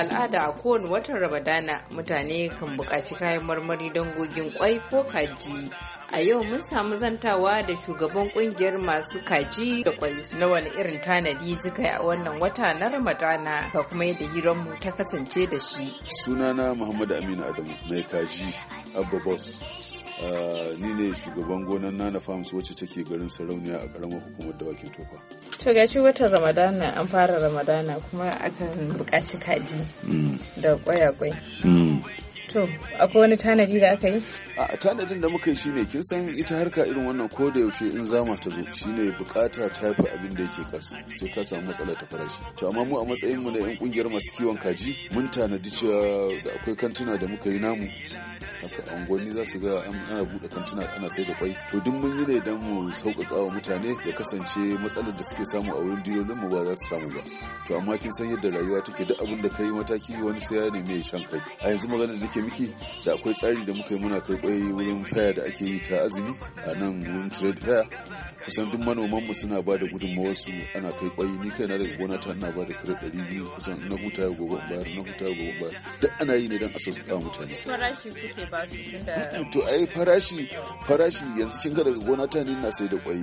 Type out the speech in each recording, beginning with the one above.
al'ada a kowane watan Ramadana mutane kan buƙaci kayan marmari don gogin kwai ko kaji a yau mun samu zantawa da shugaban kungiyar masu kaji da kwai na wani irin tanadi suka yi a wannan wata na ramadana ka kuma yadda hiranmu ta kasance da shi sunana muhammadu aminu adamu mai kaji abba boss ah, ni ne shugaban gonar nana farms wacce take garin sarauniya a karamar hukumar wake tofa to ga watan ramadana an fara ramadana kuma akan buƙaci kaji hmm. da kwayakwai To, akwai wani tanadi da aka yi? A tanadin da muka yi shi ne, kin san ita harka irin wannan ko da yaushe in zama ta zo shine bukata ta fi abin da yake kasu, sai ka samu matsala ta farashi. To amma mu a matsayin mu na yan kungiyar masu kiwon kaji mun tanadi cewa da akwai kantuna da muka yi namu haka unguwanni za su ga ana buɗe kantuna ana sai da kwai to duk mun yi ne don mu sauƙaƙa wa mutane ya kasance matsalar da suke samu a wurin dilolin mu ba za su samu ba to amma kin san yadda rayuwa take duk abin da kai mataki wani sai ya nemi ya shan a yanzu magana da nake miki da akwai tsari da muka yi muna kai kwai wurin faya da ake yi ta azumi a nan wurin trade fair kusan duk manoman mu suna ba da gudunmawar su ana kai kwai ni kai na daga gona ta ina ba da kira ɗari biyu kusan na huta gobe bayar na huta gobe bayar duk ana yi ne don a sauƙaƙa mutane. Farashi to ai farashi farashi yanzu kin ga daga gona ta ne ina sai da kwai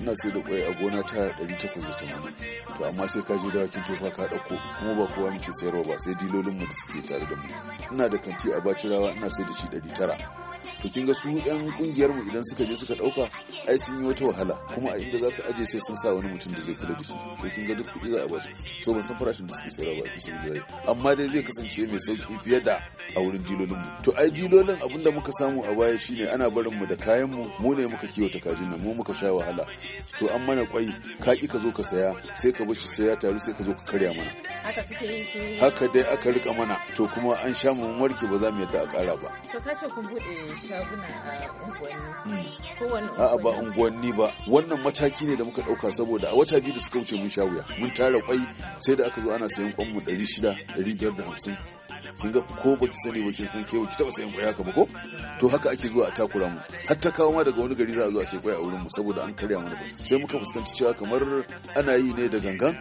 ina sai da kwai a gona ta 880 to amma sai ka je da kin tofa ka dauko kuma ba kowa muke sayarwa ba sai dilolin mu da suke tare da mu ina da kanti a bacirawa ina sai da shi 900 to kin su yan kungiyar mu idan suka je suka dauka ai sun yi wata wahala kuma a inda za su aje sai sun sa wani mutum da zai kula da su to kin duk kuɗi za a basu so ban san farashin da suke sayarwa ba su da amma dai zai kasance mai sauki fiye da a wurin dilolin mu to ai dilolin abin da muka samu a baya shine ana barin mu da kayan mu mu ne muka kiwata kajin nan mu muka sha wahala to an mana kwai ka ki ka zo ka saya sai ka bashi saya taru sai ka zo ka karya mana haka suke yin shi haka dai aka rika mana to kuma an sha mu warke ba za mu yadda a kara ba ka ce kun bude shaguna a A'a ba unguwanni ba wannan mataki ne da muka ɗauka saboda a wata biyu da suka wuce mun sha wuya mun tara kwai sai da aka zo ana sayan kwanmu ɗari shida kin ga ko baki sani ba kin san ke ki taba sayan kwaya ka ba ko to haka ake zuwa a takura mu har ta kawo ma daga wani gari za a zo a sai kwaya a wurin mu saboda an karya mana ba. sai muka fuskanci cewa kamar ana yi ne da gangan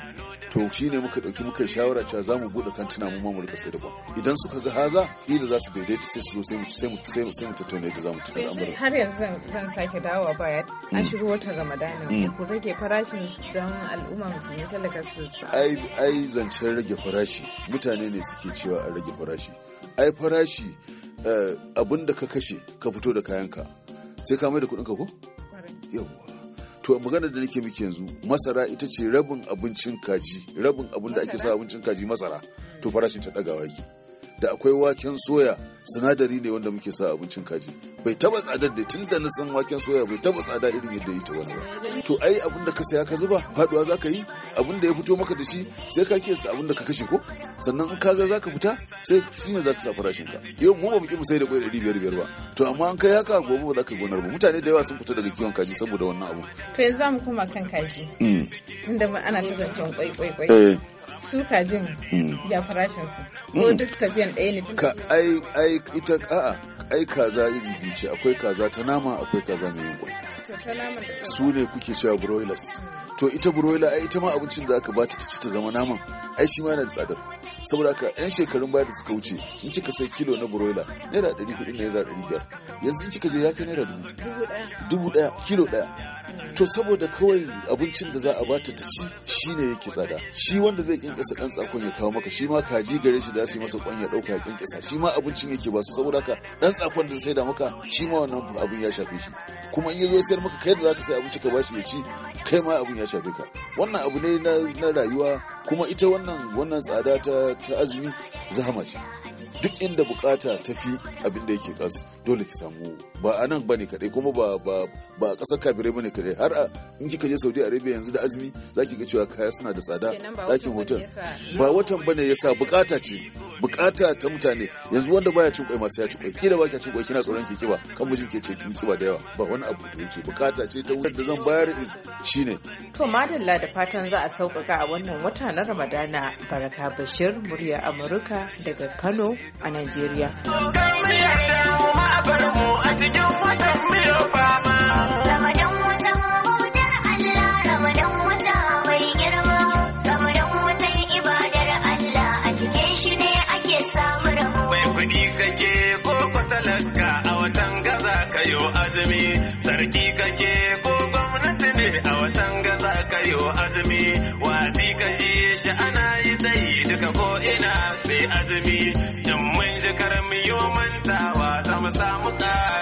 to shine muka dauki muka shawara cewa za mu bude kantina mu ma mu rika sai da idan suka ga haza ila za su daidaita sai su zo sai mu sai mu sai mu sai mu tattauna yadda za mu tafi al'amuran har yanzu zan sake dawowa baya an mm. shigo wata ramadana mm. ku rage farashin don al'umma musulmi talaka su ai ai zancen rage farashi mutane ne suke cewa a rage da farashi ai farashi eh, abin da ka kashe ka fito da kayanka sai ka mai da kuɗin ka ko yawa to magana da nake miki yanzu masara ita ce rabin abincin kaji rabin abin da ake sa abincin kaji masara to farashin ta ɗagawa yake da akwai waken soya sinadari ne wanda muke sa abincin kaji bai taba tsadar da tun da na san waken soya bai taba tsada irin yadda ya wani ba to ai abin da ka saya ka zuba faduwa za ka yi abin da ya fito maka da shi sai ka da abin da ka kashe ko sannan in ka ga za ka fita sai shi ne za ka sa farashin ka yau mu ba mu ki mu sai da kwai ɗari biyar biyar ba to amma an kai haka gobe ba za ka gonar ba mutane da yawa sun fita daga kiwon kaji saboda wannan abu to yanzu za mu koma kan kaji mm. tunda ana ta zancen kwai eh. su kajin hmm. ya farashin su ko hmm. duk tafiyan ɗaya ne ka ai ai ita a'a ai kaza yin biyu ce akwai kaza ta nama akwai kaza mai yin su ne kuke cewa broilers hmm. to ita broiler ai ita ma abincin da aka bata ta ci ta zama naman ai shi ma yana da tsadar saboda haka yan shekarun baya da suka wuce in kika sai kilo na broiler naira ɗari hudu naira ɗari biyar yanzu in kika je ya kai naira dubu ɗaya kilo ɗaya to saboda kawai abincin da za a bata ta ci shine yake tsada shi wanda zai kinkasa ɗan tsakon ya kawo maka shi ma kaji gare shi da su masa kwan ya ɗauka ya kinkasa shi ma abincin yake ba su saboda haka ɗan tsakon da zai da maka shi ma wannan abin ya shafe shi kuma in yazo sayar maka kai da za ka sai abinci ka bashi ya ci kai ma abin ya shafe ka wannan abu ne na rayuwa kuma ita wannan wannan tsada ta ta azumi zahama ce duk inda bukata ta fi abin da yake kasu dole ki samu ba a nan bane kadai kuma ba ba ba kasar kafirai bane kadai har a in kika je Saudi Arabia yanzu da azumi zaki ga cewa kaya suna da tsada zakin hotel ba watan bane yasa bukata ce bukata ta mutane yanzu wanda baya cin kwai masu ya ci kwai kila ba ka cin kwai kina tsoron ki kiba kan mijin ke ce ki kiba da yawa ba wani abu da wuce bukata ce ta wutar da zan bayar is shine to madalla da fatan za a sauƙaƙa a wannan wata na ramadana baraka bashir murya amurka daga kano a najeriya a cikin watan miyar fama azumi sarki kake ko gwamnati ne a watan gaza ka yi azumi wasi ka shi shi ana yi tsayi duka ko ina sai azumi in mun ji mantawa za mu samu ƙara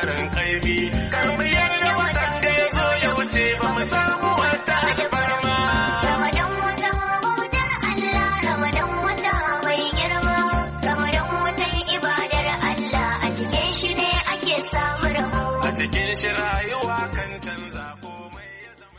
cikin shi rayuwa kan canza ko